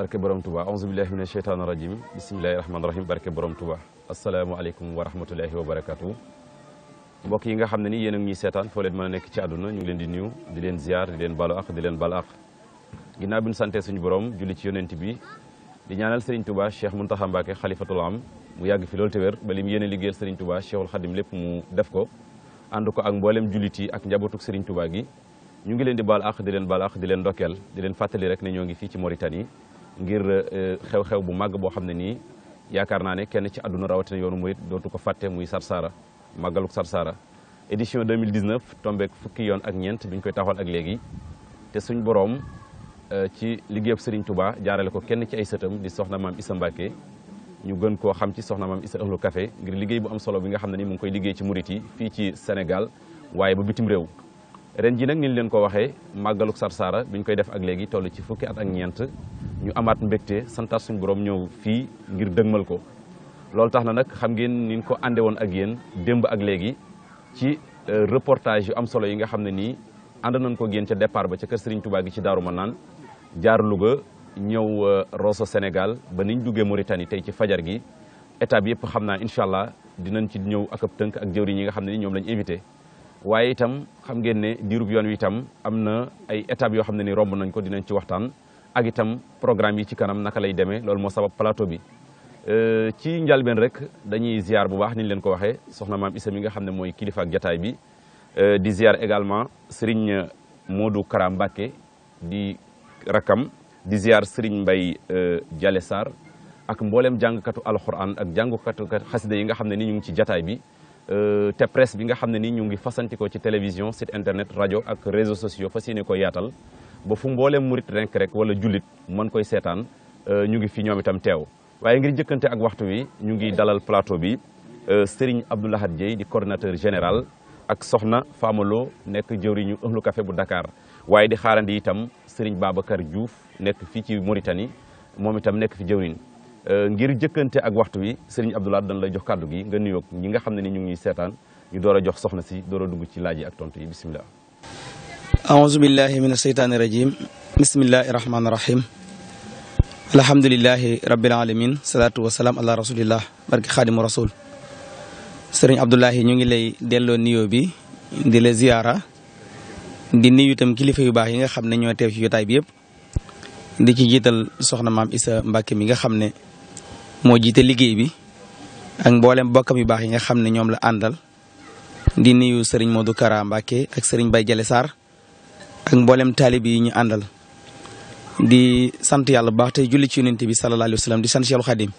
barke borom Touba auzu billahi a sheytaani rajim bismillahi rahmaani rahim barke borom Touba asalaamaaleykum wa rahmatullahi wa barakatu mbokk yi nga xam ne ni yéen a ngi seetaan foo leen mën a nekk ci àdduna ñu leen di nuyu di leen ziar di leen balu ak di leen bal ak ginnaaw bi ñu sante suñu borom julli ci yonent bi di ñaanal Serigne Touba Cheikh Mountakha am mu yàgg fi loolu te wér ba li mu yéene liggéeyal Serigne Touba Cheikhul ko ànd ko ak mboolem yi ak njabootuk Serigne Touba gi ñu ngi leen di baal ak di leen baal ak di leen ndokkeel di leen fàttali rek ne ñoo ngi fii ci Mauritanie ngir eh, xew-xew bu màgg boo xam ne nii yaakaar naa ne kenn ci àdduna rawatina yoonu murit dootu ko fàtte muy Sarsara màggaluk Sarsara édition 2019 tombeek fukki yoon ak ñeent bi ñu koy taxawal ak léegi te suñ boroom eh, ci liggéeyab Serigne Touba jaarale ko kenn ci ay sëtam di soxna maam Issa Mbacké ñu gën koo xam ci soxna maam Issa Ahlu kafe ngir liggéey bu am solo bi nga xam ne ni mu ngi koy liggéey ci murit yi fii ci Sénégal waaye ba bitim réew ren ji nag ni leen ko waxee màggaluk Sarsara bi ñu koy def ak léegi toll ci fukki at ak ñeent ñu amaat mbégte santaat suñ borom ñëw fii ngir dëgmal ko loolu tax na nag xam ngeen ni ñu ko ànde woon ak yéen démb ak léegi ci euh, reportage yu am solo yi nga xam ne nii ànd nañ ko génn ca départ ba ca kër Serigne Touba gi ci Daaru Manaan jaar Louga ñëw euh, Rosso Sénégal ba niñ duggee Mauritanie tey ci fajar gi étape yëpp xam naa incha allah dinañ ci ñëw ak ab tënk ak jëwriñ yi nga xam ne ni ñoom lañ invité waaye itam xam ngeen ne diirub yoon wi itam am na ay étapes yoo xam ne ni romb nañ ko dinañ ci waxtaan ak itam programme yi ci kanam naka lay demee loolu moo sabab plateau bi euh, ci njalbeen rek dañuy ziar bu baax ni leen ko waxee soxna maam Issa mi nga xam ne mooy kilifa jataay bi euh, di ziar également Serigne Modou Kara Mbacké di rakam di ziar Serigne Mbaye jale euh, Sarr ak mboolem jàngkatu alxuraan ak jàngkatu xasida yi nga xam ne ni ñu ngi ci jataay bi Euh, te presse bi nga xam ne ni ñu ngi fasanti ci télévision site internet rajo ak réseaux sociaux fa yéene ko yaatal ba fu mbooleem murit rek rek wala julit mën koy seetaan euh, ñu ngi fi ñoom itam teew waaye ngir jëkkante ak waxtu wi ñu ngi dalal plateau bi euh, Serigne Abdou Lahad Dieye di coordinateur général ak Soxna Famalo nekk jëwriñu ëhlu café bu Dakar waaye di xaarandi itam Serigne Babacar Diouf nekk fii ci Mauritanie moom itam nekk fi jëwriñ Euh, ngir jëkkante ak waxtu wi sëriñ Abdoulaye dañ lay jox kàddu gi nga nuyoog ñi nga xam ne ni ñu ngi seetaan ñu door a jox soxna si door a dugg ci laaj yi ak tontu yi bisimilah. aouzu billahi min asheytaani rajim bismillahi rahmaani rahim alhamdulilahi rabbil alamin salaatu wasalaam ala rasulillah barki xaadimu rasul sëriñ Abdoulaye ñu ngi lay delloo nuyoo bi di la ziyaara di nuyu itam kilifa yu baax yi nga xam ne ñoo teew ci jotaay bi yëpp di ci jiital soxna maam Issa Mbacke mi nga xam ne moo jiite liggéey bi ak mboolem bokkam yu baax yi nga xam ne ñoom la àndal di nuyu du Modou Kara Mbacké ak sëriñ bay Jalle saar ak mboolem taalib yi ñu àndal. di sant yàlla bu baax te julli ci yonent bi sallallahu alayhi wa sallam di sant Cheikhul Khadim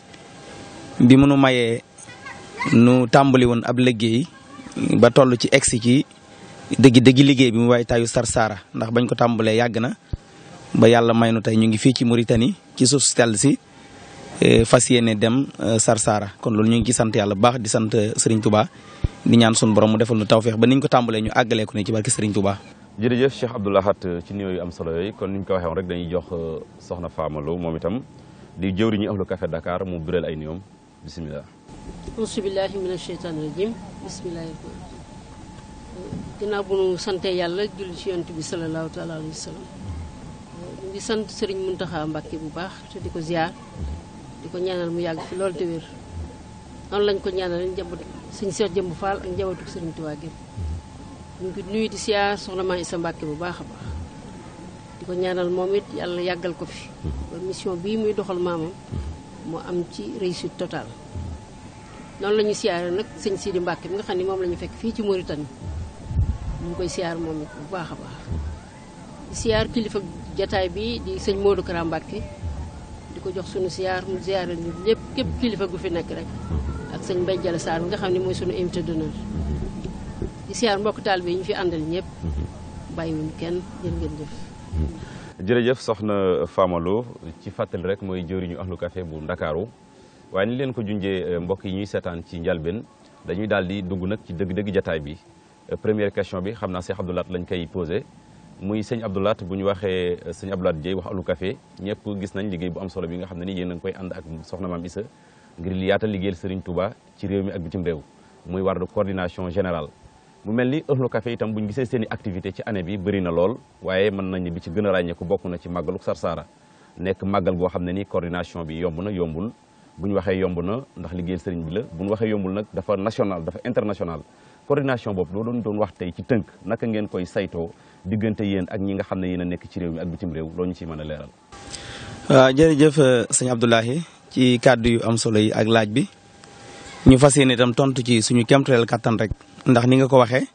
bi mu nu mayee nu tàmbali woon ab liggéey ba toll ci egsi ci dëgg dëgg liggéey bi mu waaye taayu Sarsara ndax bañ ko tàmbalee yàgg na ba yàlla may nu tey ñu ngi fii ci Mauritanie ci suuf si Euh, fas yéene dem euh, Sarsara kon loolu ñu ngi ci sant yàlla bu baax di sant euh, Serigne Touba di ñaan sun borom mu defal nu tawféex ba niñ ko tàmbalee ñu àggalee ko ne ci barke Serigne Touba. jërëjëf Cheikh Abdou Lahat ci nuyoo am solo yooyu kon ni ko waxee woon rek dañuy jox soxna Fama Lo moom itam di jëwriñu ahlu café Dakar mu biral ay nuyoom bisimilah. auzu billaahi mina sheytaani rajiim bisimilah. ginnaaw bu nu sante yàlla julli ci yonent bi salallaahu taala alayhi wa sallam di sant Serigne Mountakha Mbacké bu baax te di ko di ko ñaanal mu yàgg fi loolu te wér noonu lañ ko ñaanal njaboot sëñ Cheikh Jëmb Fall ak njabootu Sëriñ Tuubaa gépp ñu ngi nuyu di siyaar soxna Maam Isa Mbàkke bu baax a baax di ko ñaanal moom it yàlla yàggal ko fi mission bii muy doxal maamam mu am ci réussite totale noonu la ñu siyaare nag sëñ Sidi Mbàkke bi nga xam ne moom lañu fekk fii ci Mauritanie mu ngi koy siyaar moom it bu baax a baax siyaar kilifa jataay bii di sëñ Modou Kara Mbàkke di ko jox sunu ziar mu ziaral ñu lépp képp kilifa gu fi nekk rek ak sëñ Mbaye Jalla Sarr nga xam ne mooy sunu invité d'honneur di ziar mbokk taal bi ñu fi àndal ñëpp bàyyiwuñ kenn jërë jëf jërëjëf soxna Fama Lo ci fàttali rek mooy jëriñu ahlu café bu ndakaaru waaye ni leen ko junjee eh, mbokk yi ñuy seetaan ci njalbeen dañuy daal di dugg nag ci dëgg-dëgg jataay bi eh, première question bi xam naa Cheikh Abdou Lahat lañ koy posé muy sëñ Abdoulaat bu ñu waxee euh, sëñ Abdoulaat Dieye wax alu café ñëpp gis nañ liggéey bu am solo bi nga xam ne ni yéen a koy ànd ak soxna maam Issa ngir li yaatal liggéeyal Serigne ci réew mi ak bitim réew muy war de coordination générale mu mel ni ëxlu kafe itam bu ñu gisee seeni activité ci année bi bëri na lool waaye mën nañ bi ci gën a bokk na ci màggalu Sarsara nekk màggal goo xam ne ni coordination bi yomb na yombul bu ñu waxee yomb na ndax liggéeyal Serigne bi la bu ñu waxee yombul nag dafa national dafa international coordination boobu loo doon doon wax tey ci tënk naka ngeen koy saytoo diggante yéen ak ñi nga xam ne yéen a nekk ci réew mi ak bitim réew loo ñu ciy mën a leeral. waaw ah, jërëjëf euh, sëñ Abdoulahi ci kàddu yu am solo yi ak laaj bi ñu fas yéene itam tontu ci suñu kéemtuleel kàttan rek. ndax ni nga ko waxee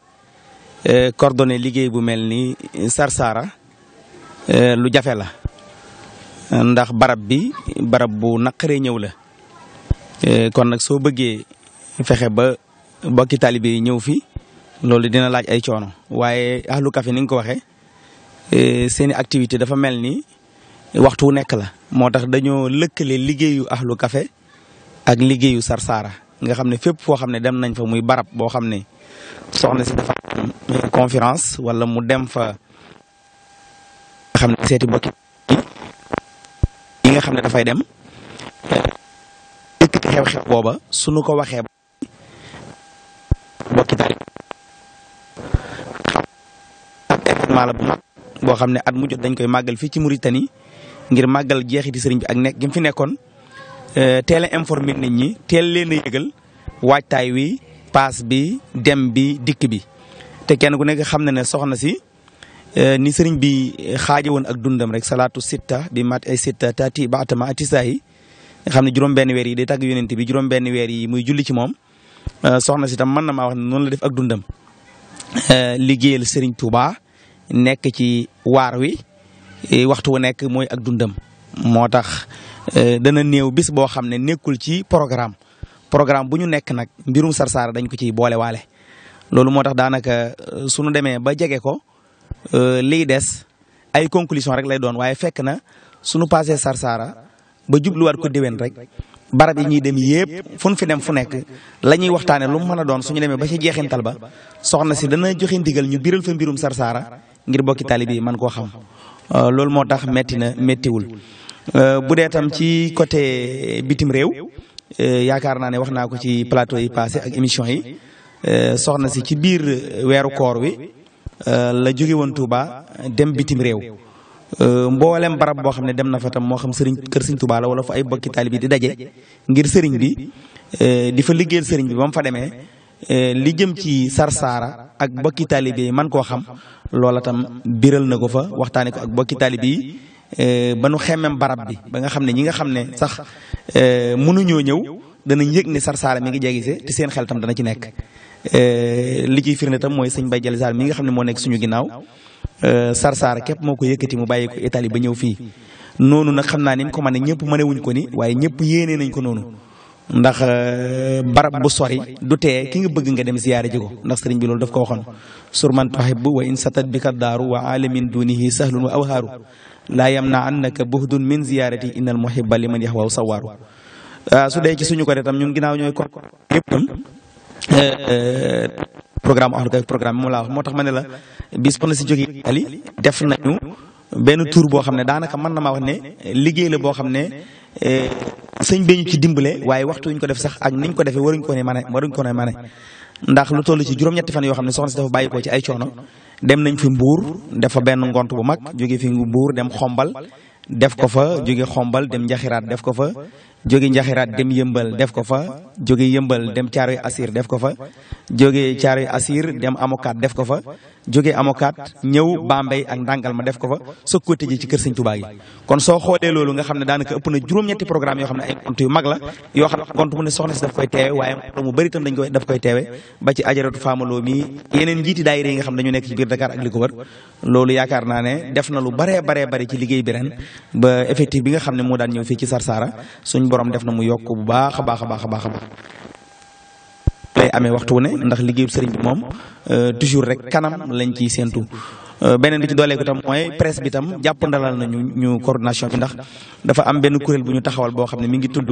euh, coordonné liggéey bu mel ni Sarsara euh, lu jafe la ndax barab bi barab bu naqaree ñëw la kon nag soo bëggee fexe ba bokki taalibe ñëw fi loolu dina laaj ay coono waaye ahlu café ni nga ko waxee e, seeni activité dafa mel ni waxtu wu nekk la moo tax dañoo lëkkale liggéeyu ahlu kafe ak liggéeyu Sarsara nga xam ne fépp foo xam ne dem nañ fa muy barab boo xam ne soxna si dafa wala mu dem fa xam ne seeti nga xam ne dafay dem e, xew-xew booba suñu ko waxee événement la bu mag boo xam ne at mu jot dañ koy màggal fii ci Mauritanie ngir màggal jeexiti sëriñ bi ak nekk gi fi nekkoon euh, teel a informé ñi teel leen a yëgal waajtaay wi paas bi dem bi dikk bi. te kenn ku nekk xam na ne soxna si euh, ni sëriñ bi xaaja woon ak dundam rek salaatu sitta bi mat ay sitta taati baatama atisa yi nga xam ne juróom-benn weer yi de tàgg yonent bi juróom-benn weer yi muy julli ci moom euh, soxna si tam mën na maa wax ne noonu la def ak dundam nekk ci waar wi eh, waxtu wu nekk mooy ak dundam moo tax eh, dana néew bis boo xam ne nekkul ci programme programme bu ñu nekk nag mbirum Sarsara dañ ko ciy boole waale loolu moo tax daanaka eh, suñu demee ba jege ko liy des ay conclusion rek lay doon waaye fekk na suñu passé Sarsara ba jubluwaat ko déwén rek barab yi ñuy dem yëpp fu ñu fi dem fu nekk la ñuy waxtaane lu mu mën a doon suñu demee ba ci jeexintal ba soxna si dana joxe ndigal ñu biral fa mbirum Sarsara ngir bokki taalibe yi man koo xam euh, loolu moo tax métti na méttiwul euh, bu dee tam ci côté bitim réew euh, yaakaar naa ne wax naa ko ci plateau yi passé ak émission yi soxna si ci biir weeru koor wi la jóge woon Touba dem bitim réew mboolem barab boo xam ne dem na fa tam moo xam sëriñ kër sëriñ Touba la wala fa ay bokki taalibe yi di daje ngir sëriñ bi di fa liggéeyal sëriñ bi ba fa demee li jëm ci Sarsara ak bokki taalibe yi man koo xam loola tam biral na ko fa waxtaane ko ak bokki taalibe yi eh, ba nu xemmem barab bi ba nga xam ne ñi nga xam ne sax eh, mënuñoo ñëw danañ yëg ne Sarsara mi ngi jegise te seen xel tam dana ci nekk eh, li ciy firnde tam mooy sëñ Baye Jali Sarr mi nga xam ne moo nekk suñu ginnaaw Sarsara képp moo ko yëkkati mu bàyyi ko Italie ba ñëw fii noonu nag xam naa ni mu ko man ne ñëpp mënewuñ ko ni waaye ñëpp yéenee nañ ko noonu ndax euh, barab bu sori du tee ki nga bëgg nga dem ziyaare ji ko ndax sëriñ bi loolu daf ko waxoon sur man tuhibbu wa in satat bika daaru wa alamin dunihi sahlun wa awhaaru laa yamna annaka buhdun min ziyaarati innal muhibba liman yahwaw sawaaru euh, su dee ci suñu ko tam ñun ginnaaw ñooy ko yëpp euh, programme ahlu kay programme moom laa wax moo tax ma ne la bi soxna si jóge ali def nañu benn tour boo xam ne daanaka mën na maa wax ne liggéey la boo xam ne Eh, sëñ bi ñu ci dimbale waaye waxtu ñu ko def sax ak niñ ko defee waruñ ko ne mane waruñ ko ne mane ndax lu toll ci juróom-ñetti fan yoo xam ne soxna si dafa bàyyi ko ci ay coono dem nañ fi mbuur dafa benn ngont bu mag jóge fi mbuur dem xombal def ko fa jóge xombal dem njaxiraat def ko fa jóge njaxiraat dem yëmbal def ko fa jóge yëmbal dem caaroy asir def ko fa jóge caaroy asir dem amokaat def ko fa jóge amokaat ñëw Bambey ak ndàngal ma def ko fa soog ko tëjee ci kër sëñ Tuubaa kon soo xoolee loolu nga xam ne daanaka ëpp na juróom-ñetti programme yoo xam ne ay gont yu mag la yoo xam ne gont mu ne soxna si daf koy teewe waaye mu bëri itam dañ koy daf koy teewe ba ci ajaratu faamaloo nga xam ne dañu nekk ci loolu yaakaar naa ne def na lu baree baree bari liggéey bi ren ba effectif bi nga xam ne moo daan ñëw fii ci Sarsara suñ suñ borom def na mu yokk bu baax a baax a baax a baax a lay amee waxtu ne ndax liggéeyu sëriñ bi moom euh, toujours rek kanam lañ ci séentu euh, beneen bi ci dooleeku tam mooy presse bi tam jàppandalal na ñu coordination bi ndax dafa am benn kuréel bu ñu taxawal boo xam ne mi ngi tudd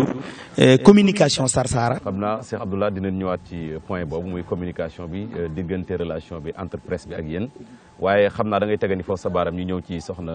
euh, communication Sarsara. xam naa Cheikh Abdoulaye dinañ ñëwaat ci point boobu muy communication bi diggante relation bi entre presse bi ak yéen waaye xam naa da ngay tegani foofu sa baaram ñu ñëw ci soxna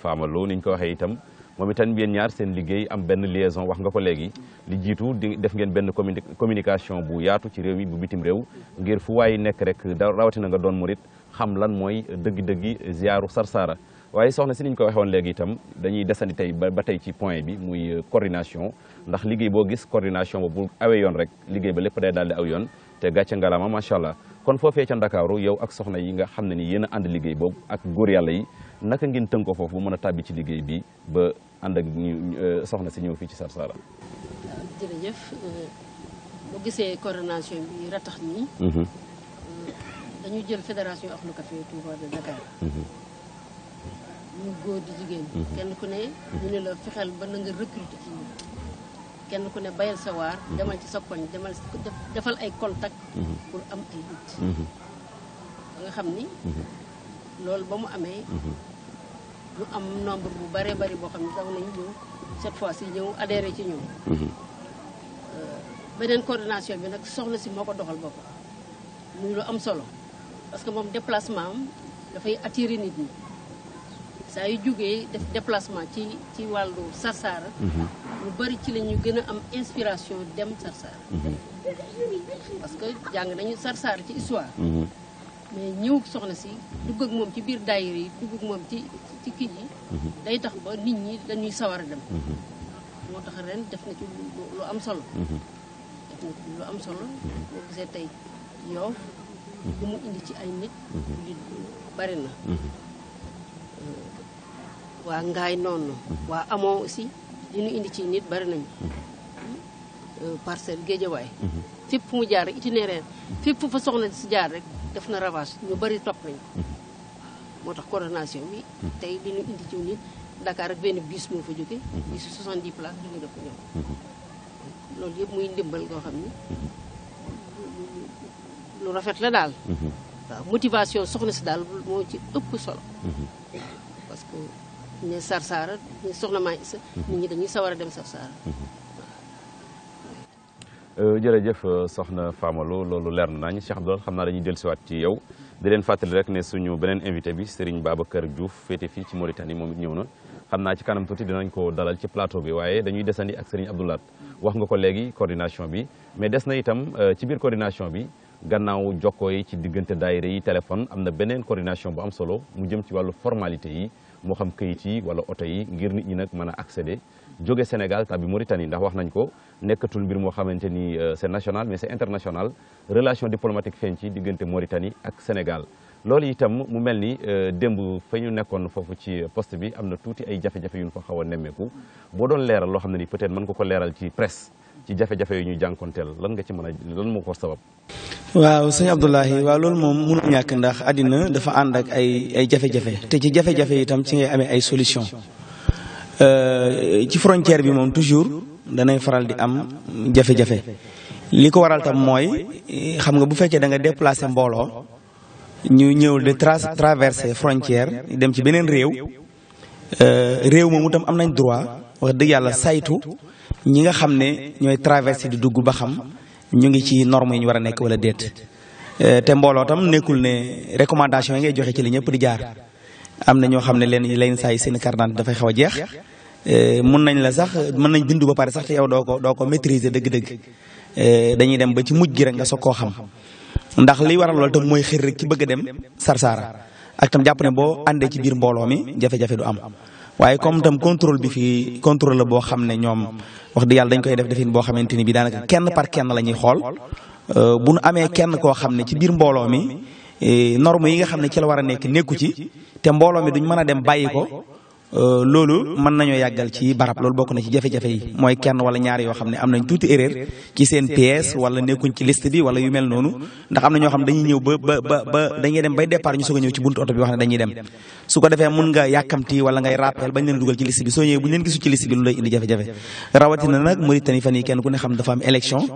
Fama Lo ni ko waxee itam. moom itan yéen ñaar seen liggéey am benn liaison wax nga ko léegi li jiitu di def ngeen benn communication bu yaatu ci réew mi bu bitim réew ngir fu waay nekk rek da rawatina nga doon murit xam lan mooy dëgg-dëggi ziaru Sarsara waaye soxna si niñ ko waxee woon léegi itam dañuy desandi tey ba tey ci point bi muy euh, coordination ndax liggéey boo gis coordination boobu bu awee yoon rek liggéey ba lépp day daal di aw yoon te gàcce ngalaama macha allah kon foofee ca Ndakaaru yow ak soxna yi nga xam ne ni yéen a ànd liggéey boobu ak góor yàlla yi naka ngeen tënkoo foofu bu mën a tàbbi ci liggéey bi ba ànd ak euh, soxna si ñëw fii ci Sarsara. jërëjëf euh, gisee coordination bi ratax nii. Mm-hmm. Euh, dañu jël fédération Ahlou Café Touba de Dakar. ñu mm-hmm. góor di jigéen. Mm-hmm. kenn ku ne ñu ne la fexeel ba na nga recruter kenn ku ne bayal sa waar. demal ci sa koñ defal ay contact pour am ay nit. nga xam ni. loolu ba mu amee. Mhm. lu am nombre bu bëree bari boo xam ne daw nañ ñëw cette fois si ñëw adhéré ci ñëw mhm. euh, beneen coordination bi nag soxla si moo ko doxal boppam muy lu am solo parce que moom déplacement dafay attirer nit ñi saa yu jógee def déplacement ci ci wàllu Sarsara. Mhm. lu bëri ci la ñu gën a am inspiration dem Sarsara. parce que jàng nañu Sarsara ci histoire. mais ñëw soxna si dugg ak moom ci biir daayira yi dugg moom ci ci kii yi. Mhm. day tax ba nit ñi dañuy sawar a dem. Mhm. moo tax ren def na ci lu am solo. lu am solo. Mhm. boo gisee tey lu mu indi ci ay nit. bari na. Euh, waa ngaay noonu. waa amoo si dinu indi ci nit bari nañu. Euh, parcelle géejawaay. fépp fu mu jaar rek itinéraire fépp fu fa soxna si jaar rek. def na ravage ñu bari topp nañ mhm. moo tax coordination bi mhm. tey li ñu indi ci nit Dakar ak benn bus moo fa jóge bus mhm. 70 places jóge na ko ñëw loolu yëpp muy ndimbal goo xam ni lu rafet la daal waaw motivation soxna si daal moo ci ëpp solo parce que ñu Sarsara ñu soxna maa nit ñi dañuy sawar a dem Sarsara Euh, jërëjëf euh, soxna Fama Lo loolu leer na nañ Cheikh Abdoulaye xam naa dañuy dellusiwaat ci yow di leen fàttali rek ne suñu beneen invité bi Serigne Babacar Diouf féete fii ci Mauritanie moom it ñëw na xam naa ci kanam tuuti danañ ko dalal ci plateau bi waaye dañuy desandi ak Serigne Abdoulaye wax nga ko léegi coordination bi mais des na itam euh, ci biir coordination bi gannaaw jokkoo yi ci diggante daayira yi téléphone am na beneen coordination bu am solo mu jëm ci wàllu formalité yi moo xam këyit yi wala oto yi ngir nit ñi nag mën a accéder jóge Sénégal tàbbi Mauritanie ndax wax nañ ko nekkatul mbir moo xamante ni euh, c'est national mais c'est international relation diplomatique feeñ ci diggante Mauritanie ak Sénégal loolu itam mu mel ni euh, démb fa ñu nekkoon foofu ci poste bi am na tuuti ay jafe-jafe yu ñu fa boo doon loo xam ne ni peut-être mën ko leeral ci presse ci jafe ñu jànkonteel lan nga ci mën a lan moo ko sabab. waaw sëñ Abdoulahi waaw loolu moom mënu ñàkk ndax àddina dafa ànd ak ay ay jafe-jafe te ci jafe-jafe tam ci ngay amee ay solution euh, ci frontière bi moom toujours. danay faral di am jafe-jafe li ko waral tam mooy xam nga bu fekkee da nga déplacé mbooloo ñu ñëw de traversé frontière dem ci beneen réew euh, réew moomu tam am nañ droit wax dëgg yàlla saytu ñi nga xam ne ñooy traversé di dugg ba xam ñu ngi ci norme yi ñu war a nekk wala déet euh, te mbooloo tam nekkul ne recommandation yi ngay joxe ci la ñëpp di jaar am na ñoo xam ne leen leen saay seen carte d'identité dafay xaw a jeex Eh, mun nañ la sax mën nañ bind ba pare sax te yow doo ko doo ko maîtriser dëgg-dëgg eh, dañuy dem ba ci mujj gi rek nga soog koo xam ndax li waral loolu tam mooy xër rek ci bëgg a dem sarsaara ak tam jàpp ne boo àndee ci biir mbooloo mi jafe du am waaye comme tam contrôle bi fii contrôle la boo xam ne ñoom wax dëgg yàlla dañ koy def defin boo xamante ni bi daanaka kenn par kenn la ñuy xool eh, bu nu amee kenn koo xam ne ci biir mbooloo mi norme yi nga xam ne ci la war a nekk nekku ci te mbooloo mi duñ mën a dem bàyyi ko Euh, loolu mën nañoo yàggal ci barab loolu bokk na ci jafe-jafe yi mooy kenn wala ñaar yoo xam ne am nañ tuuti erreur ci seen pièce wala nekkuñ ci list bi wala yu mel noonu ndax am na ñoo xam ne dañuy ñëw ba ba ba dañuy dem bay départ ñu soog a ñëw ci buntu oto bi wax ne dañuy dem su ko defee mun nga yàkkamti wala ngay rappel bañ leen dugal ci liste bi soo ñëwee bu ñu leen gisu ci liste bi lu lay indi jafe-jafe rawatina nag Mauritanie fan yi kenn ku ne xam dafa am élection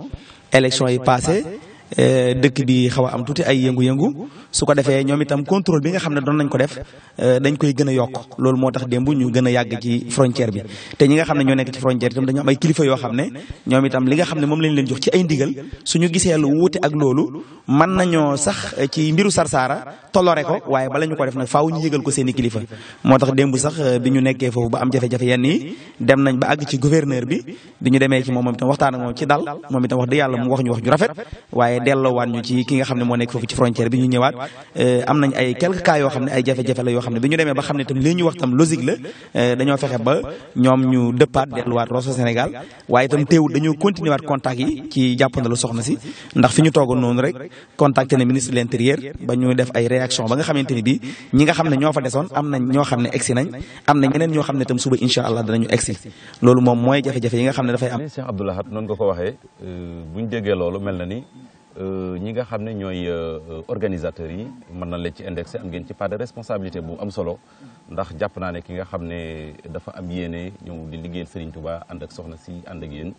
élection yi passé Eh, dëkk bi xaw am tuuti ay yëngu-yëngu su ko defee ñoom itam contrôle bi nga xam ne doon nañ ko def eh, dañ koy gën yokk loolu moo tax démb ñu gën a yàgg ci frontière bi te ñi nga xam ne ñoo nekk ci frontière itam dañu ay kilifa yoo xam ne ñoom itam li nga xam ne moom lañ leen jox ci ay ndigal suñu gisee lu wuute ak loolu mën nañoo sax eh, ci mbiru Sarsara tolore ko waaye bala ñu ko def nag faaw ñu yëgal ko seeni kilifa moo tax démb sax bi ñu nekkee foofu ba am jafe-jafe yenn yi dem nañ ba àgg ci gouverneur bi bi ñu demee ci moom moom itam waxtaan ak moom ci dal moom itam wax dëgg yàlla mu wax ñu wax ju rafet waaye delloowaat ñu ci ki nga xam ne moo nekk foofu ci frontière bi ñu ñëwaat euh, am nañ ay quelques cas yoo xam ne ay jafe-jafe la yoo xam ne bi ñu demee ba xam ne euh, teewul dañoo continuer contact yi ci jàppandalu soxna si ndax fi ñu toogoon noonu rek contacté na ministre de l'intérieur ba ñu def ay réaction ba nga xamante ni bi ñi nga xam ne ñoo fa desoon am nañ ñoo xam ne egsi nañ am na ñeneen ñoo xam ne tam suba incha allah danañu egsi loolu moom mooy jafe Euh, ñi nga xam ne ñooy euh, organisateurs yi mën na leen ci indexé am ngeen ci part de responsabilité bu am solo ndax jàpp naa ne ki nga xam ne dafa am yene ñëw di liggéeyal Serigne Touba ànd ak soxna si ànd ak yéen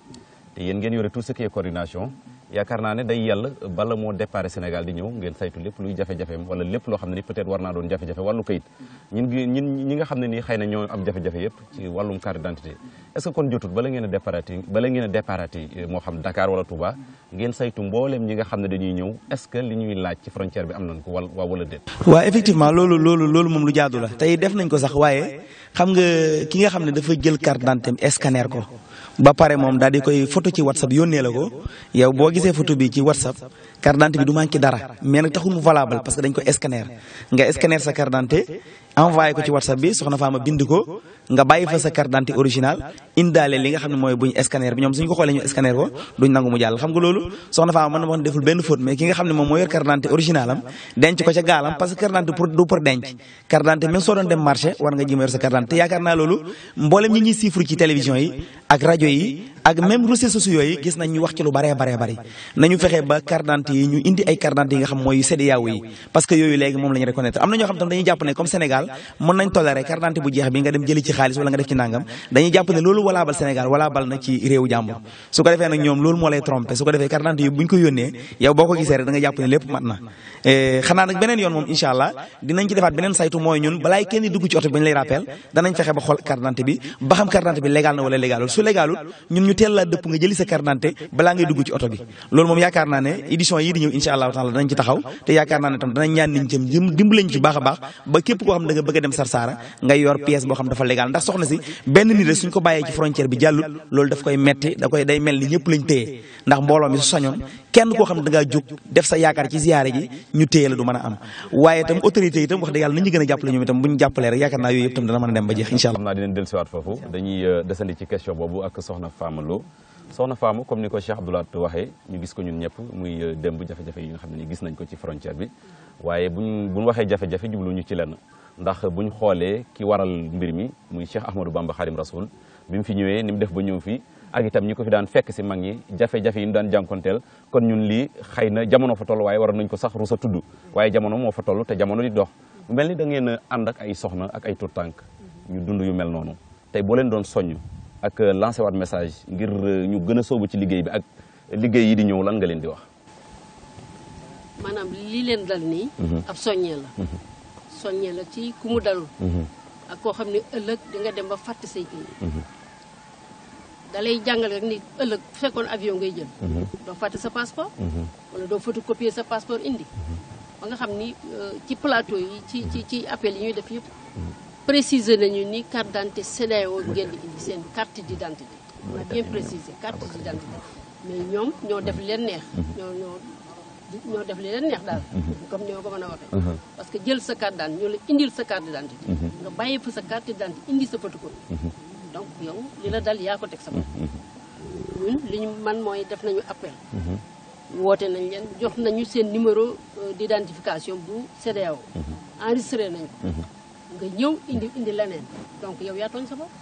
te yéen ngeen yore tout ce qui coordination yaakaar naa ne day yàlla bala moo départ Sénégal di ñëw ngeen saytu lépp luy jafe-jafeem wala lépp loo xam ne ni peut-être war naa doon jafe-jafe wàllu kayit ñun ñun nga xam ne nii xëy na ñoo am jafe-jafe yëpp ci wàllum carte d'identité est-ce que kon jotut bala ngeen a euh, moo xam Dakar wala Touba ngeen saytu mbooleem ñi nga xam ne dañuy ñëw est-ce que li ñuy laaj ci frontière bi am nañ ko wala waa wala déet waaw effectivement loolu loolu moom lu jaadu tey def nañ ko sax waaye xam nga ki nga xam ne dafa jël carte d'identité scanner ko ba pare moom daal di koy photo ci whatsapp yónnee la ko yow boo gisee photo bi ci whatsapp carte d'identité bi du manqué dara mais nag taxul mu valable parce que ko scanner nga scanner sa carte envoyé ko ci whatsapp bi soxna a bind ko nga bàyyi fa sa carte d'identité original indaale li nga xam ne mooy buñ scanner bi ñoom suñ ko xoolee ñu scanner ko duñ nangu mu xam nga loolu soxna Fama mën na ma wax deful benn faute mais ki nga xam ne moom moo yor carte d'identité original am denc ko ca gaalam parce que carte d'identité du pour denc yi ak rajo yi ak même réseaux sociaux yooyu gis nañ wax ci lu baree baree bari nañu fexe ba carte yi ñu indi ay carte yi nga xam mooy CEDEAO yi parce que yooyu léegi moom la ñu am na ñoo xam tam dañuy jàpp ne comme Sénégal mën nañ toléré carte bu jeex bi nga dem jëli ci xaalis wala nga def ci nangam dañuy jàpp ne loolu walaa bal Sénégal walaa bal na ci réewu jàmbur su ko defee nag ñoom loolu moo lay trompé su ko defee carte yi bu ñu su légalul ñun ñu teel laa dëpp nga jëli sa carte d'identité balaa ngay dugg ci oto bi loolu moom yaakaar naa ne édition yii di ñëw insha allahu taala danañ ci taxaw te yaakaar naa ne tam danañ ñaan niñ cam dimbalañ ci baax a baax ba képp koo xam da nga a dem Sarsara ngay yor pièce boo xam dafa légal ndax soxna si benn nit rek suñ ko bàyyee ci frontière bi jàllul loolu daf koy metti da koy day mel ni ñëpp lañ téye ndax mbooloo mi su sañoon kenn koo xam ne da ngaa jóg def sa yaakaar ci ziyaare ji ñu téye la du mën a am waaye itam autorité yi itam wax dëgg yàlla nañu gën a jàppale ñoom bu ñu jàppalee rek yaakaar naa yooyu yëpp itam dana mën a dem ba jeex incha allah xam naa dinañ dellusiwaat foofu dañuy euh, desandi ci question boobu ak soxna Fama Lo soxna Fama comme ni ko Cheikh Abdoulaye waxee ñu gis ko ñun ñëpp muy euh, démb jafe-jafe yi nga xam ne gis nañ ko ci frontière bi waaye buñ buñ waxee jafe-jafe jublu ñu ci lenn ndax buñ xoolee ki waral mbir mi muy Cheikh Ahmadou Bamba Xadim Rasoul bi mu fi ñëwee ni mu def ba ñëw fii ak itam ñu ko fi daan fekk si mag ñi jafe-jafe yi ñu daan jànkonteel kon ñun lii xëy na jamono fa toll waaye waroon nañ ko sax rusa tudd waaye jamono moo fa toll te jamono di dox mel ni da ngeen a ay soxna ak ay tuut tànk ñu dund yu mel noonu tey boo leen doon soññ ak euh, lancé waat message ngir euh, ñu gën a soobu ci liggéey bi ak liggéey yi di ñëw lan nga leen di wax leen dal nii mhm. mhm. ci ku mhm. koo xam ne ëllëg di nga dem ba fàtte say kii da lay jàngal ni ëllëg bu fekkoon avion ngay jël. Mhm. doo fàtte sa passeport. Mhm. wala doo photocopier sa passeport indi. Mhm. ba nga xam ni euh, ci plateau yi ci ci ci appel yi ñuy def yëpp. préciser nañu ni carte d'identité CEDEAO ngeen di indi seen carte d'identité. on a bien précisé carte d'identité mais ñoom ñoo def leen neex. ñoo ñoo ñoo def leen neex daal. comme ñoo ko mën a waxee. parce que jël sa carte d'identité ñoo la indil sa carte d'identité. nga bàyyi fa sa carte d'identité indi sa photocopie. donc yow li la dal yaa ko teg sa bopp ñu man mooy def nañu appel woote nañ leen jox nañu seen numéro euh, d'identification bu CEDEAO enregistré nañ ko nga ñëw indi indi leneen donc yow yaa tooñ sa bopp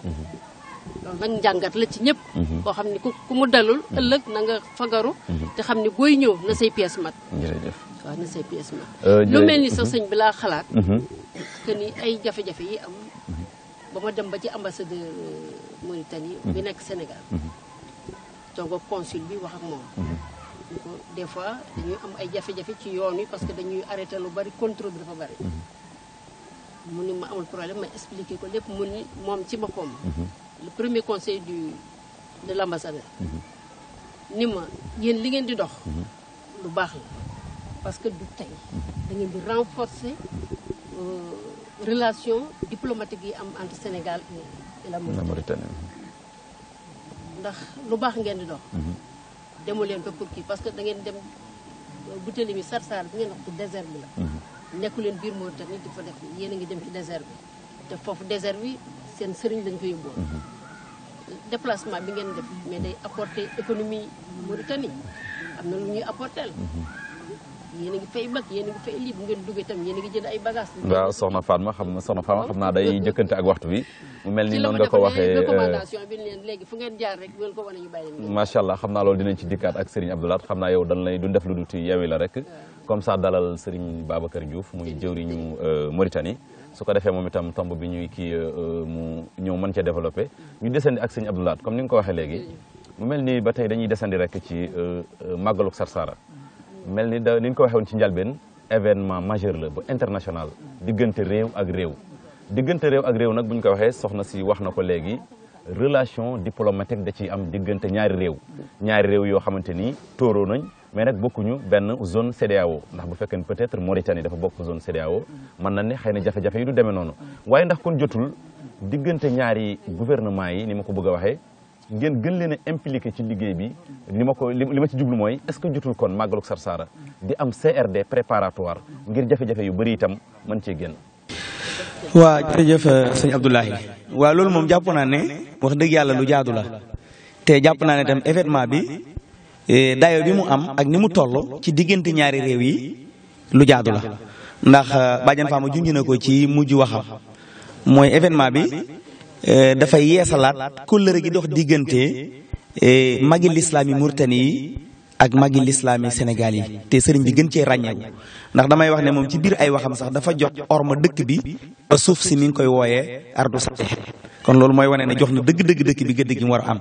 njàngat la ci ñëpp koo xam ne ku ku mu dalul ëllëg na fagaru te xam ne booy ñëw na say pièces mat euh, lu mel ni sax sëñ bi laa xalaat mhm. que ay jafe-jafe yi am ba ma dem ba ci ambassadeur euh, Mauritanie. Mhm. bi nekk Sénégal. Mhm. toog ak bi wax ak moom. ñu mhm. des fois dañuy am ay jafe-jafe ci yoon yi parce que dañuy arrêté lu bari contrôle bi dafa bari. mu ni ma amul problème ma expliquer ko lépp mu ni moom ci boppam. le premier conseil du de ni ma yéen li ngeen di dox. lu baax la parce que du tey da di renforcer. Euh, relation diplomatique yi am entre Sénégal et la Mauritanie ndax lu baax ngeen di dox mhm. demu leen ba pour kii parce que da ngeen dem euh, butéeli mi sarsar bi ngeen wax ci désert bi la mhm. nekku leen biir Mauritanie di fa def yéen a ngi dem ci désert bi te foofu désert bi seen sëriñ lañ fa yóbboon mhm. déplacement bi ngeen def mais day apporter économie Mauritanie am na lu ñuy apporter yéen a ngi fay mag yéen a ngi ngeen dugg itam yéen a ngi soxna Fatma xam na soxna Fatma xam naa day jëkkante ak waxtu bi. mu mel ni noonu nga ko waxee euh, recommandation bi xam naa dinañ ci dikkaat ak Serigne Abdoulaat xam naa yow dañ lay duñ def lu duti yewi la rek comme ça dalal Serigne Babacar Diouf muy jëwriñu euh, Mauritanie su ko defee itam tomb bi ñuy kii euh, mu ñëw mën cee développé mm. ñu desandi ak Serigne Abdoulaat comme ni ko waxee léegi mm. mu mel ni ba tey dañuy desandi rek ci màggaluk Sarsara mel ni da ni ñu ko waxee woon ci njalbeen événement majeur la bu international diggante réew ak réew diggante réew ak réew nag bu ñu ko waxee soxna si wax na ko léegi relation diplomatique da ciy am diggante ñaari réew ñaari réew yoo xamante ni tóoroo nañ mais nag bokkuñu benn zone CEDEAO ndax bu fekkee peut être Mauritanie dafa bokk zone CEDEAO mën na ne xëy na jafe-jafe yi du demee noonu waaye ndax kon jotul diggante ñaari gouvernement yi ni ma ko bëgg a waxee ngeen gën leen a impliqué ci liggéey bi li ma ko li ma ci jublu mooy est-ce que jotul kon màggaluk Sarsara di am CRD préparatoire ngir jafe-jafe yu bëri tam man cee génn. waa jërëjëf euh, sëñ Abdoulahi waaw loolu moom jàpp naa ne wax dëgg yàlla lu jaadu la te jàpp naa ne tam événement bi e, dayo bi mu am ak ni mu toll ci diggante ñaari réew yi lu jaadu la ndax bàjjan faama junj na ko ci mujj waxam mooy événement bi. Eh, dafay yeesalaat kóllëre gi dox diggante eh, magi lislaam yi Mauritanie yi ak magi lislaam yi Sénégal yi te sëriñ bi gën cee ràññeeku ndax damay wax ne moom ci biir ay waxam sax dafa jox orma dëkk bi ba suuf si mi ngi koy wooye ardu sax kon loolu mooy wane ne jox na dëgg dëgg dëkk bi gëdd gi mu war a am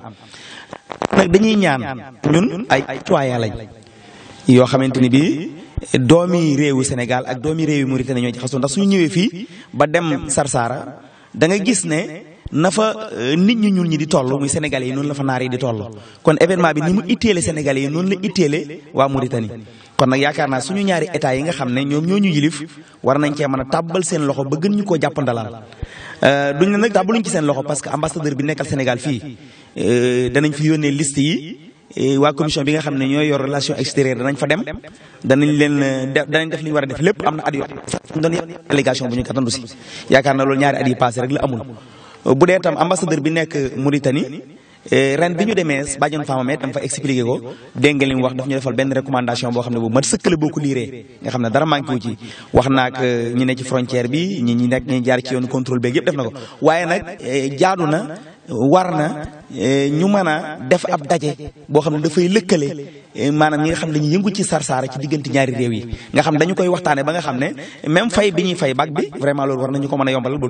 dañuy ñaan ñun ay citoyen lañ yoo xamante ni bii doomi réewu Sénégal ak doomi réewu Mauritanie ñoo ci xasoon ndax suñu ñëwee fii ba dem Sarsara da nga gis ne na fa euh, nit ñu ñuul ñi di toll muy sénégalais yi noonu la fa naar yi di toll kon événement bi ni mu itteele sénégalais yi noonu la itteele waa Mauritanie kon nag yaakaar naa suñu ñaari état yi nga xam ne ñoom ñoo ñu yilif war nañ cee mën a tàbbal seen loxo ba gën ñu koo jàppandalal euh, seen loxo parce que ambassadeur bi nekkal Sénégal euh, fi yónnee liste yi waa bi nga xam ne ñooy yor relation extérieure danañ fa dem danañ leen danañ def li war a def lépp am na at yu doon yaakaar na loolu ñaari at yi passé rek la amul bu dee tam ambassadeur bi nekk Mauritanie eh, ren bi ñu demee Badiane Fama tam fa expliqué ko dégg wax daf ñu defal benn recommandation boo xam ne bu mat sëkkale boo ko liiree nga xam ne dara manqué ci wax naag eh, ñi ne ci frontière bi ñi ñi nekk ñi jaar ci yoonu contrôle beeg yëpp def na ko waaye nag eh, jaadu na. war na eh, ñu mën a def ab daje boo xam ne dafay lëkkale eh, maanaam ñi nga xam ne dañuy yëngu ci sarsaara ci diggante ñaari réew yi nga xam dañu koy waxtaane ba nga xam ne même fay bi ñuy fay bag bi vraiment loolu war na ci ko mën yombalal ba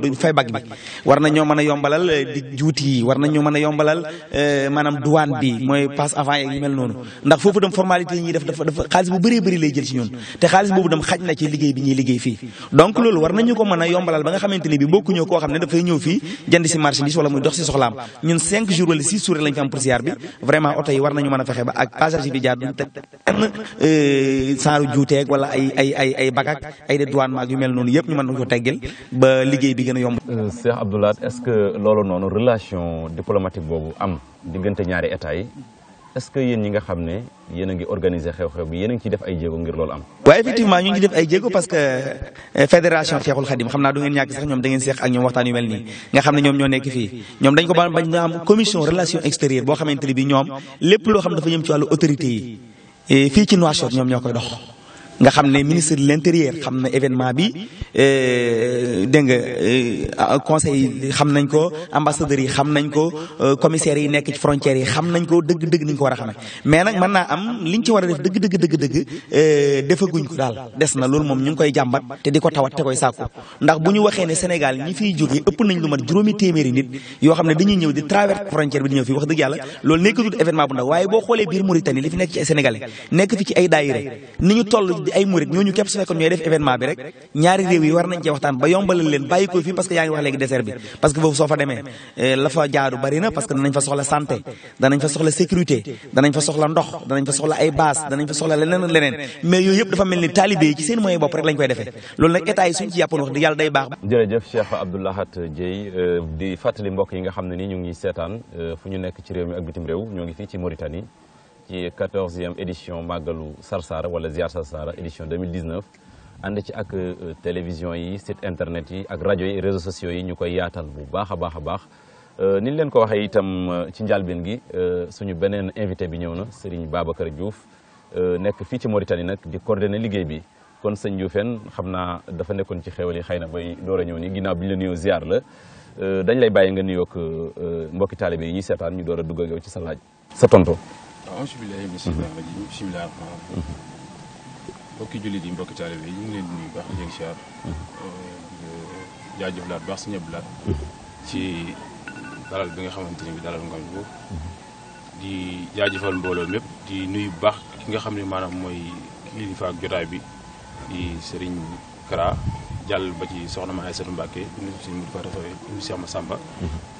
nga xamante ni bi bokkuñoo koo xam ne dafay ñëw fii jënd si marchandise wala muy dox si soxla am ñun cinq jours wala 6 jours lañ fi am pour ziar bi vraiment oto yi war nañu mën a fexe ba ak passager bi jaar duñ teg kenn euh, saaru juuteeg wala ay ay ay ay bagak ay de douane maag yu mel noonu yëpp ñu mën na ko teggil ba liggéey bi gën a yomb. Euh, Cheikh Abdou Lahad est-ce que loolu noonu relation diplomatique boobu am diggante ñaari état yi. est-ce que yéen ñi nga xam ne yéen a ngi organiser xew-xew bi yéen a ngi ciy def ay jéego ngir loolu am waaye effectivement ñu ngi def ay jéego parce que euh, fédération Cheikhul Khadim xam naa du ngeen ñàkk sax ñoom da ngeen seex ak ñoom waxtaan mel nii nga xam ne ñoom ñoo nekk fii ñoom dañ ko ba bañ nga am commission relation extérieure boo xamante ne bi ñoom lépp loo xam dafa ñëm ci wàllu autorité yi fii ci Nouakchott ñoom ñoo koy dox nga xam ne ministre de l'intérieur xam na événement bi euh, dégg euh, conseil xam nañ ko ambassadeurs yi xam nañ ko euh, commissaires yi nekk ci frontières yi xam nañ ko dëgg-dëgg ni ñu ko war a xamee mais nag naa am liñ ci war a def dëgg dëgg dëgg dëgg defaguñ ko daal des na loolu moom ñu ngi koy jàmbat te di ko tawat te koy sàkku ndax bu ñu waxee ne Sénégal ñi fiy jógee ëpp nañ lu mat juróomi téeméeri nit yoo xam ne dañuy ñëw di traverse frontière bi di ñëw fii wax dëgg yàlla loolu nekkatul événement bu ndaw xoolee biir Mauritanie li fi nekk ci ay sénégalais ay murit ñooñu képp su fekkoon ñooy def événement bi rek ñaari réew yi war nañ cee waxtaan ba yombalal leen bàyyi ko fii parce que yaa ngi wax léegi désert bi parce que foofu soo fa demee eh, la fa jaaru bari na parce que danañ fa soxla santé danañ fa soxla sécurité danañ fa soxla ndox danañ fa soxla ay base danañ fa soxla leneen leneen mais yooyu yëpp dafa mel ni taalibe yi ci seen moyen bopp rek lañ koy defee loolu nag état suñ ci yàppoon wax di yàlla day baax euh, mbokk yi nga xam ne ni ñu ngi seetaan euh, fu ñu nekk ci réew ak bitim réew ñoo ngi fii ci Mauritanie ci quatorzième édition màggalu Sarsara wala ziar Sarsara édition 2019 ànd ci ak euh, télévision yi site internet yi ak rajo yi réseaux sociaux yi ñu koy yaatal bu baax a baax a baax euh, ni leen ko waxee itam euh, ci njalbeen gi suñu beneen invité bi ñëw na Serigne Babacar Diouf nekk fii ci Mauritanie nag di coordonner liggéey bi kon sëñ Dioufène xam naa dafa nekkoon ci xéwal yi xëy na bay door a ñëw ni ginnaaw bi ñu la nuyoo ziar la dañ lay bàyyi nga nuyoog mbokki taalibe yi ñuy seetaan ñu door dugg yow ci sa laaj sa auzu billaahi mina sheytaani rajiim bismillaahi rahmaani rahiim mbokki jullit yi yi ñu ngi leen di nuyu baax di leen siyaar jaajëflaat baax si ñëpp laat ci dalal bi nga xamante ni bi dalal Ngagne Ndour di jaajëfal mbooloo mépp di nuyu baax ki nga xam ne maanaam mooy fa ak jotaay bi di Serigne Kara jàll ba ci soxna ma Aysatu Mbàkke indi suñu mudi fata faye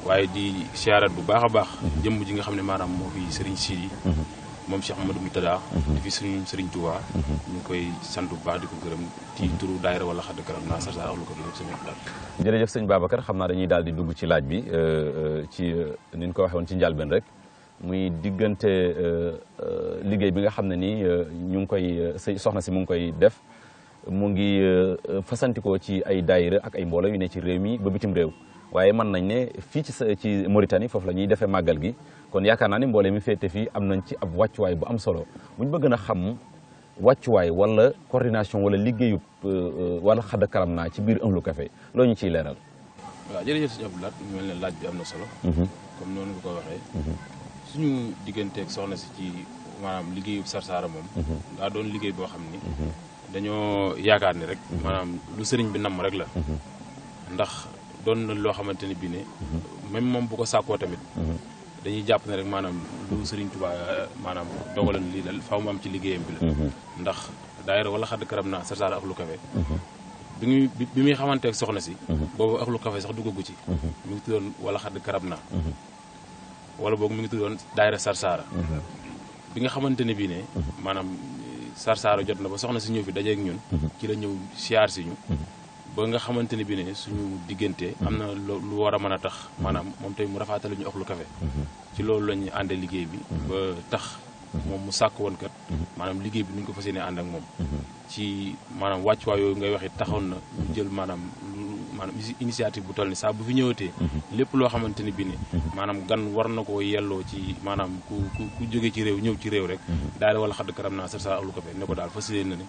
waaye di siyaaraat bu baax a baax mhm. jëmm ji nga xam ne maanaam moo fi sëriñ Sidi mhm. moom Cheikh Amadou Moutada mhm. di fi suñu ngi koy sant bu baax di ko gërëm ci turu daayira wala xadd karam naa sëñ daal jërëjëf xam naa dañuy daal di dugg ci laaj bi euh, euh, ci euh, ni ko waxee ci njàlbeen rek muy diggante liggéey bi nga xam ne nii ñu ngi koy soxna si mu ngi koy def mu ngi euh, euh, fasantikoo ci ay daayira ak ay mbooloo yu ne ci réew mi ba bitim réew waaye mën nañ ne fii ci ci Mauritanie foofu la ñuy defee màggal gi kon yaakaar naa ni mboole mi féete fii am nañ ci ab wàccuwaay bu am solo bu ñu bëgg na xam wàccuwaay walla coordination wala liggéeyub euh, wala xadd karam naa ci biir Euhlou Café loo ñu ciy leeral. waaw jërëjëf mel ne laaj bi am na solo. Mhm. comme noonu nga ko waxee. Mhm. suñu digganteeg soxna si ci maanaam liggéeyub Sarsara moom. Mhm. daa doon liggéey boo xam ni. dañoo yaakaar ni rek mhm. maanaam lu sëriñ bi namm rek la mhm. ndax doon na loo xamante ni bii ne mhm. même moom bu ko sàkkoo tamit dañuy jàpp ne rek maanaam lu sëriñ Tuubaa maanaam dogalan lii dal faaw mu am ci liggéeyam bi la ndax daayira wala xadd karam naa sarsaara ak lu kafe bi muy bi muy xamanteek soxna si boobu ak lu kafe sax duggagu ci mi ngi tuddoon wala xadd karab naa wala boog mi ngi tuddoon daayira sarsaara bi nga xamante bii ne maanaam sarsaara jot na ba soxna si ñëw fi dajeek ñoon mhm. ci la ñëw siyaar si ñu mhm. ba nga xamante ni bi ne suñu diggante mhm. am na lu war a mën a tax maanaam moom tey mu rafaatale ñu oxlu kafe ci loolu la ñu ànde liggéey bi ba tax moom mu sàkk woon kat maanaam liggéey bi nu ñu ko fas yéene ànd ak moom ci maanaam wàccuwaay yooyu ngay waxit taxoon na ñu jël maanaam maanaam initiative bu toll ni saa bu fi ñëwatee mhm. lépp loo xamante ni bi ni mhm. maanaam gan war na ko yelloo ci maanaam ku ku ku jóge ci réew ñëw ci réew rek mhm. daal wala xadd karam naa sar sa awlu ko fe ne ko daal fas yéene na ne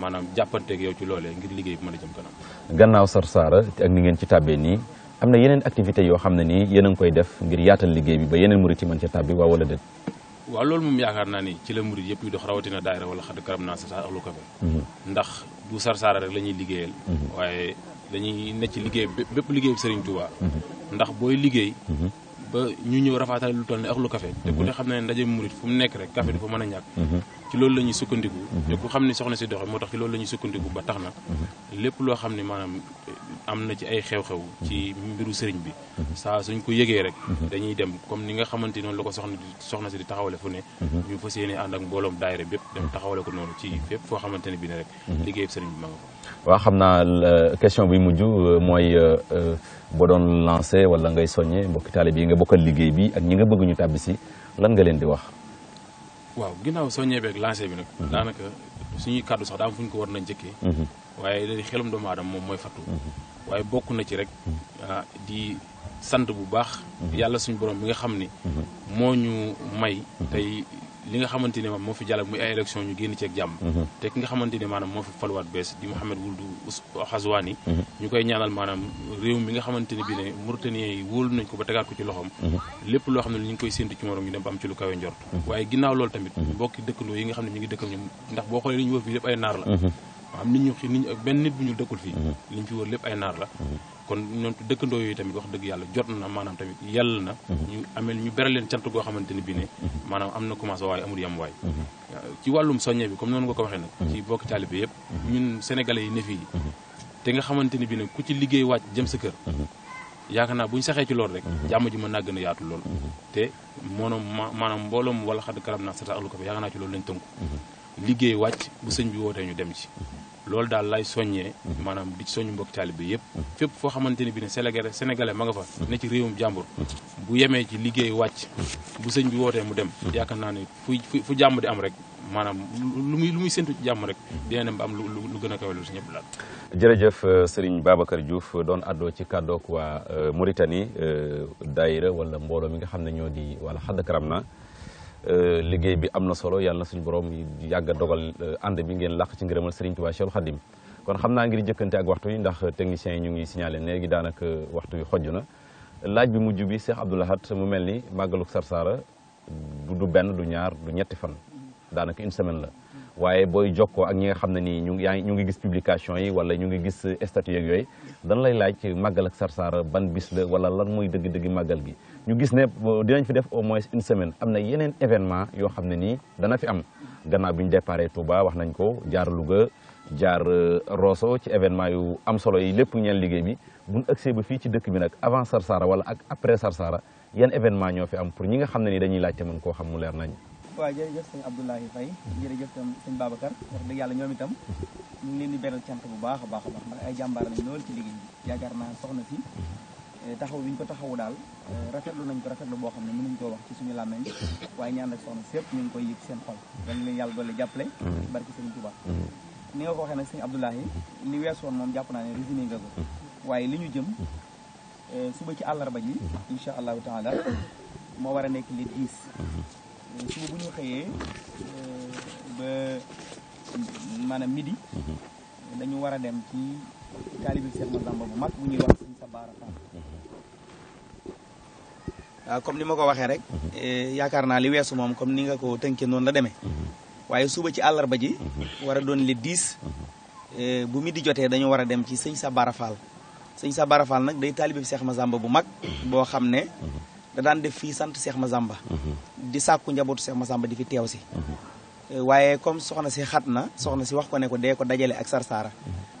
maanaam jàppanteeg yow ci loolee ngir liggéey bi mën a jëm kanam gannaaw sar saara ak ni ngeen nii am na yeneen activités yoo xam ne nii yéen a ngi koy def ngir yaatal liggéey ba yeneen murit yi mën yaakaar naa ni ci la murit yëpp yu rawatina daayira wala xadd karam naa sar sa awlu ko fe ndax du sar saara rek la ñuy liggéeyal waaye dañuy ne ci liggéey bépp liggéey Serigne Touba. Mm-hmm. ndax booy liggéey. Mm-hmm. ba ñu ñëw rafaatale lu toll ne ak lu kafe te ku ne mm-hmm. xam ne ndaje murit fu mu nekk rek café dafa mën a ñàkk ci loolu la ñuy sukkandiku te xam ne soxna si doxe moo tax ci la ñuy sukkandiku ba tax na lépp loo xam ne maanaam eh, am na ci ay xew-xew ci mbiru sëriñ bi saa suñ ko yëgee rek dañuy dem comme ni nga xamante noonu la ko soxna soxna si di taxawale fu ne ñu fas yéene ànd ak mbooloom daayira bépp dem taxawale ko noonu ci fépp foo xamante ne bi ne liggéey sëriñ bi ma waaw xam naa euh, question bi mujj euh, mooy euh, boo doon lancé wala ngay soññe mbokki taale yi nga bokkal liggéey bi ak ñi nga bëgg ñu tàbbi si lan nga leen di wax waaw ginnaaw soññee beeg lancé bi nag mhm. daanaka suñuy kàddu sax daam fu ko war na njëkkee mhm. waaye day xelum doomu moom mooy fattu mhm. waaye bokk na ci rek ah, di sant bu baax yàlla suñu borom bi nga xam ni moo ñu may tey li nga xamante ne moom moo fi jàll muy ay élection ñu génn ceeg jàmm mhm. te ki nga xamante maanaam moo fi faluwaat bees di Mouhamed Wuld Xazwaani mhm. ñu koy ñaanal maanaam réew mi nga xamante ne bi ne Mauritaniens wóolu nañ ko ba tegaat ko ci loxoom mhm. lépp loo xam ne li ñu ngi koy séntu ci morom ñu dem ba am ci lu kawe njort waaye ginnaaw loolu tamit mbokki dëkkandoo yi nga xam ne ñu ngi dëkk ñoom ndax boo xoolee li ñu wër fii lépp ay naar la maanaam nit ñu benn nit bu lépp ay naar la kon ñoom dëkkandoo yooyu tamit wax dëgg yàlla jot na maanaam tamit yàlla na mhm. ñu amel ñu beral leen cant goo xamante ne bii ne mhm. maanaam am na commencé waaye amul yam waay mhm. ci wàllum soññe bi comme noonu nga ko waxee nag ci bokk taalibe yëpp ñu sénégalais yi ne fii te nga xamante ne bii ne ku ci liggéey wàcc jëm sa kër yaakaar naa bu ñu saxee ci loolu rek jàmm ji ma naa gën a yaatu lool te moonoom maanaam mbooloom wala xadd karam naa sata alu ko yaakaar naa ci loolu lañ tënku liggéey wàcc bu sëñ bi wootee ñu dem ci loolu daal lay soññee mhm. maanaam di soññ mbokk taalibe yëpp mhm. fépp foo xamante ni bi ne sénégalais sénégalais ma nga fa mhm. ne ci réewum jàmbur bu yemee ci liggéey wàcc bu sëñ bi wootee mu dem yaakaar naa ne fu fu jàmm di am rek maanaam lu muy lu muy séntu ci jàmm rek dina dem ba am lu lu gën a kawe lu si ñëpp laat jërëjëf euh, Serigne Babacar Diouf doon adoo ci kàddoog waa euh, Mauritanie euh, daayira wala mbooloo mi nga xam ne ñoo di wala xadd karam na Euh, liggéey bi am na solo yàlla na suñu borom yàgg a dogal euh, ànd bi ngeen làq ci ngërëmal Serigne Touba Cheikh Khadim kon xam na ngir jëkkante ak waxtu yi ndax techniciens yi ñu ngi signalé léegi daanaka waxtu yi xojju na laaj bi mujj bi Cheikh Abdou Lahad mu mel ni màggaluk Sarsara du benn du ñaar du ñetti fan daanaka une semaine la waaye booy jokkoo ak ñi nga xam ne nii ñu yaa ñu ngi gis publication yi wala ñu ngi gis euh, statut yeeg yooyu dan lay laaj màggal ak Sarsara ban bis la wala lan mooy dëgg-dëgg màggal gi ñu gis ne dinañ fi def au moins une semaine am na yeneen événement yoo xam ne nii dana fi am gannaaw bi ñu déparé Touba wax nañ ko jaar Louga jaar euh, Rosso ci événement yu am solo yi lépp ñeel liggéey bi mun ñu ba fii ci dëkk bi nag avant Sarsara wala ak après Sarsara yan événement ñoo fi am pour ñi nga xam ne ni dañuy laajte mën koo xam mu leer nañ waaw jërëjëf sëñ Abdoulaye tam sëñ Babacar wax dëgg yàlla ñoom itam ñu ngi leen di a baax a lool ci liggéey bi yaakaar naa soxna si mhm. eh, taxaw bi ko taxawu daal rafetlu nañ ko rafetlu boo xam ne mu mënuñ koo wax ci suñu làmmeñ waaye ñaan rek soxna sépp ñu ngi koy yëg seen xol dañ leen yàlla doole jàppale barki seen Tuubaa ni nga ko waxee nag sëñ Abdoulahi li wees woon moom jàpp naa ne résumé nga ko waaye li ñu jëm eh, suba ci àllarba ji insha allahu taala moo war a nekk li diis eh, suba bu ñu xëyee eh, ba maanaam midi dañu war a dem ci taalibi Seex Masamba bu mag bu ñuy wax sëñ sa baara waaw euh, comme ni ma ko waxee rek mhm. eh, yaakaar naa li weesu moom comme ni nga ko tënkee noonu la demee mhm. waaye suba ci àllarba ji mhm. war a doon le 10 eh, bu mi di jotee dañu war a dem ci sëñ sa Fall sëñ Sabara Fall nag day taalibe bi Seex sàmba bu mag boo xam ne da daan def fii sant Seex ma Masamba di sàkku njabootu Seex Masamba di fi teew si eh, waaye comme soxna si xat na soxna si wax ko ne ko dee ko dajale ak Sarsara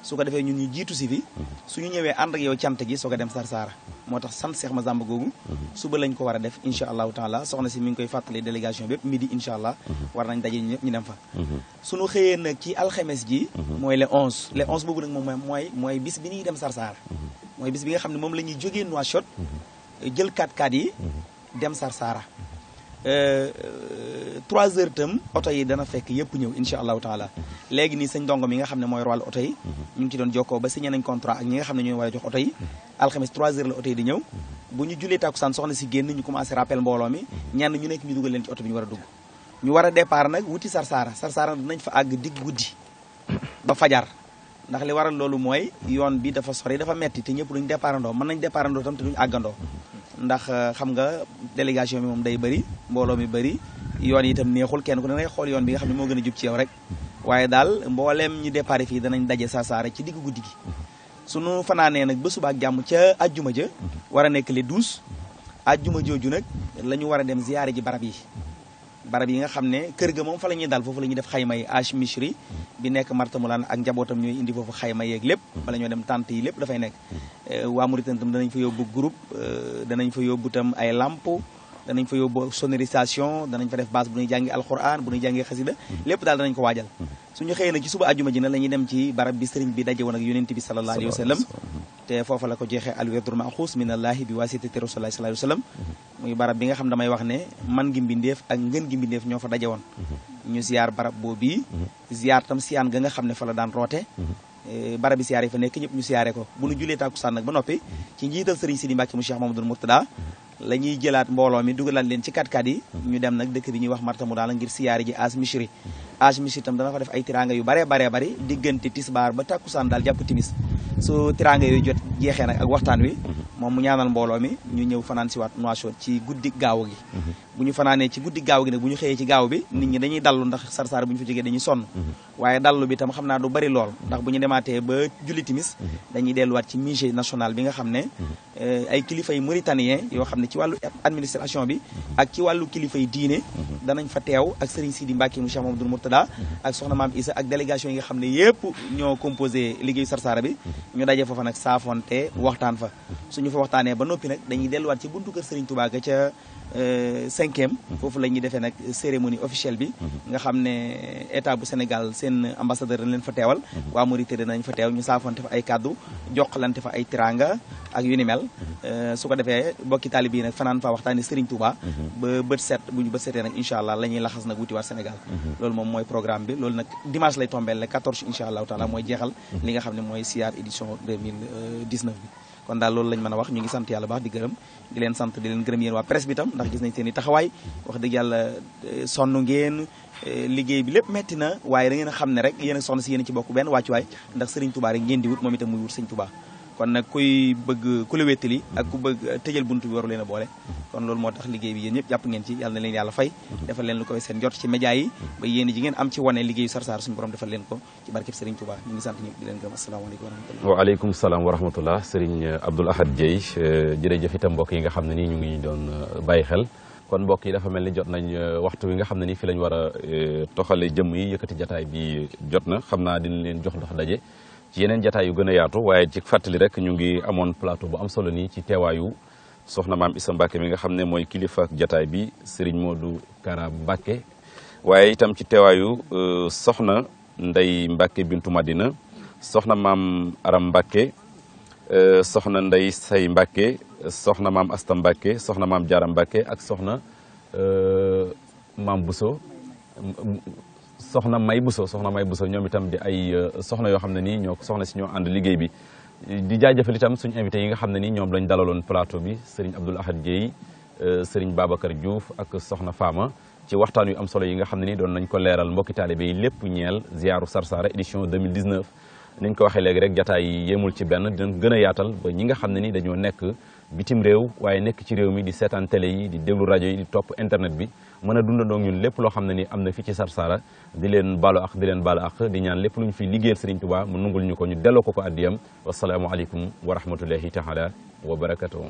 su ko defee ñun ñu jiitu si fi suñu ñëwee ànd yow cant gi soo dem Sarsara moo tax sant ma Massamba googu mhm. suba lañ ko war a def incha allahu taala soxna si mu ngi koy fàttali délégation bépp midi incha allah mhm. war nañ daje ñëpp ñu dem fa mhm. suñu xëyee nag ci alxemes ji mooy le 11 le 11 boobu nag moom mooy mooy bis bi ñuy dem Sarsara mooy bis bi nga xam ne moom la ñuy jógee Nouakchott jël 4x4 yi dem Sarsara euh, euh, trois heures tam oto yi dana fekk yëpp ñëw incha allahu taala léegi nii sëñ dongo mi nga xam ne mooy rowal oto yi ñu ngi ci doon jokkoo ba signé nañ contrat ak ñi nga xam ne ñooy war a jox alxames 3 heures la oto yi di ñëw bu ñu julee tàkkusaan soxna si génn ñu commencé rappel mbooloo mi ñenn ñu nekk ñu dugal leen ci oto bi ñu war a dugg ñu war a départ nag wuti sarsaara sarsaara dinañ fa àgg digg guddi ba fajar ndax li waral loolu mooy yoon bi dafa sori dafa metti te ñëpp duñ départandoo mën nañ départandoo tam te duñ àggandoo ndax euh, xam nga délégation bi moom day bëri mbooloo mi bëri yoon yi itam neexul kenn ku ne ngay xool yoon bi nga xam ne moo gën a jub ci yow rek waaye daal mbooleem ñu départ fii danañ daje sarsaara ci digg guddi gi sunu fanaanee nag ba subaak jàmm ca ajjuma ja mhm. war a nekk le douze ajjuma jooju nag lañu war a dem ziyaare ji barab yi barab yi nga xam ne kër ga moom fa la ñuy dal foofu la ñuy def xayma yi H Misri mhm. bi nekk Marta Mulaan ak njabootam ñooy indi foofu xayma yeeg lépp mhm. bala ñoo dem tànt yi lépp dafay nekk euh, waa Mauritanie tam danañ fa yóbbu groupe euh, danañ fa yóbbu tam ay làmp danañ fa yóbbu sonorisation danañ fa def base bu ñuy jàngi alxuraan bu ñuy jàngi xasida mhm. lépp daal danañ ko waajal mhm. suñu xëyee nag ci suba ajuma ji na la dem ci barab bi sëriñ bi daje woon ak yonent bi sallallahu alayhi mhm. te foofa la ko jeexee alwirdul maxuus minallahi bi waasitati rasulillahi sallallahu alayhi wa sallam muy barab bi nga xam damay wax ne man gi mbindeef ak ngën gi mbindeef ñoo fa daje woon ñu ziyaar barab boobu ziyaar tam siyaan ga nga xam ne fa la daan roote eh, barabi siyaare yi fa nekk ñëpp ñu ko bu ñu julee tàkkusaan ba noppi ci njiital sëriñ Sidi Mbàkke la ñuy jëlaat mbooloo mi dugalaat leen ci katkat yi ñu dem nag dëkk bi ñuy wax marta mu daala ngir siyaari ji as misri as misri itam dana fa def ay tiranga yu baree baree bari diggante tisbaar ba takkusaan daal jàpp timis su tiranga yooyu jot jeexee nag ak waxtaan wi mhm. moom mu ñaanal mbooloo mi ñu ñëw fanaan siwaat waat ci guddi gaaw gi mhm. bu ñu fanaanee ci guddi gaaw gi nag bu ñu xëyee ci gaaw bi nit ñi dañuy dallu ndax sarsar bu ñu fa jógee dañuy sonn mm-hmm. waaye dallu bi tam xam naa du bari lool ndax bu ñu demaatee ba julli timis mm-hmm. dañuy delluwaat ci musée national bi nga xam ne mm-hmm. euh, ay kilifa yi mauritanien yoo xam ne ci wàllu administration bi ak ci wàllu kilifa yi diine danañ fa teew ak Serigne di Mbacké mu Cheikh Mamadou Mourtada ak soxna maam Issa ak délégation yi nga xam ne yëpp ñoo composé liggéeyu sarsara bi ñu daje foofa nag saafonte waxtaan fa suñu fa waxtaanee ba noppi nag dañuy delluwaat ci buntu kër Serigne Touba ca Euh, cinquième mhm. foofu la ñuy defee nag cérémonie officielle bi mhm. nga xam ne état bu Sénégal seen ambassadeur dañ leen fa teewal mhm. waa Mauritanie nañ fa teew ñu saafonte fa ay kàddu joxlante fa ay tiranga ak yu ni mel euh, su ko defee bokki taalibe yi nag fanaan faa waxtaani Serigne Touba ba bët set bu ñu bët setee nag incha allah la laxas nag wuti Sénégal loolu moom mooy programme bi loolu nag dimanche lay tombeel le 14 incha allahu taala mooy jeexal li nga xam ne mooy siyaar édition 2019 euh, bi kon daal loolu lañ mën a wax ñu ngi sant yàlla baax di gërëm di leen sant di leen gërëm yéen waa presse bi tam ndax gis nañ seen i taxawaay wax dëgg yàlla eh, sonn ngeen eh, liggéey bi lépp metti na waaye da ngeen a xam ne rek yéen a si yéen ci bokk benn wàccuwaay ndax Serigne Touba ngeen di wut moom itam muy wut Serigne Touba kon nag kuy bëgg ku la wéttali ak ku bëgg tëjal bunt bi waru leen a boole kon loolu moo tax liggéey bi yéen ñëpp jàpp ngeen ci yàlla na leen yàlla fay leen koy seen jot ci média yi ba yéen ji ngeen am ci wane liggéeyu Sarsara suñu borom defal leen ko ci barkeb Serigne Touba ñu ngi sant ñëpp di salaam wa rahmatullah Serigne Abdoul Ahad euh, jërëjëf itam mbokk yi nga xam ne nii ñu ngi doon euh, bàyyi xel kon mbokk yi dafa mel ni jot nañ euh, waxtu wi nga xam ne nii fi lañ war a toxale jëm yi yëkkati jataay bi jot na xam naa dina leen jox dox daje ci yeneen jataay yu gën yaatu waaye ci fàttali rek ñu ngi amoon plateau bu am solo nii ci teewaayu soxna maam Issa Mbacke mi nga xam ne mooy kilifa ak jataay bi Serigne Modou Kara Mbacke waaye itam ci teewaayu euh, soxna Ndey Mbacke Bintu Madina soxna maam Aram Mbacke euh, soxna Ndey Say Mbacke soxna maam Asta Mbacke soxna maam Jaara Mbacke ak soxna euh, maam Bousso soxna May Bousso soxna May Bousso ñoom itam di ay euh, soxna yoo xam ne nii ñoo soxna si ñoo ànd liggéey bi di jaajëfal itam suñ invité yi nga xam ne ni ñoom lañ dalaloon plateau bi Serigne Abdoul Ahad Dieye euh, Serigne Babacar Diouf ak soxna faama ci waxtaan yu am solo yi nga xam ne ni doon nañ ko leeral mbokki taalibe yi lépp ñeel ziaru Sarsara édition 2019 niñ ko waxee léegi rek jataay yi yemul ci benn dinañ gën yaatal ñi nga xam ne ni dañoo nekk bitim réew waaye nekk ci réew mi di seetaan télé di déglu rajo yi di topp internet bi mën a dundandoo ñun lépp loo xam ne ni am na fi ci Sarsara di leen baalu ak di leen baalu ak di ñaan lépp lu ñu fi liggéeyal Sëriñ Tuubaa mu nungul ñu ko ñu delloo ko ko addiyam wasalaamu aleykum wa rahmatullahi taala wa barakatuh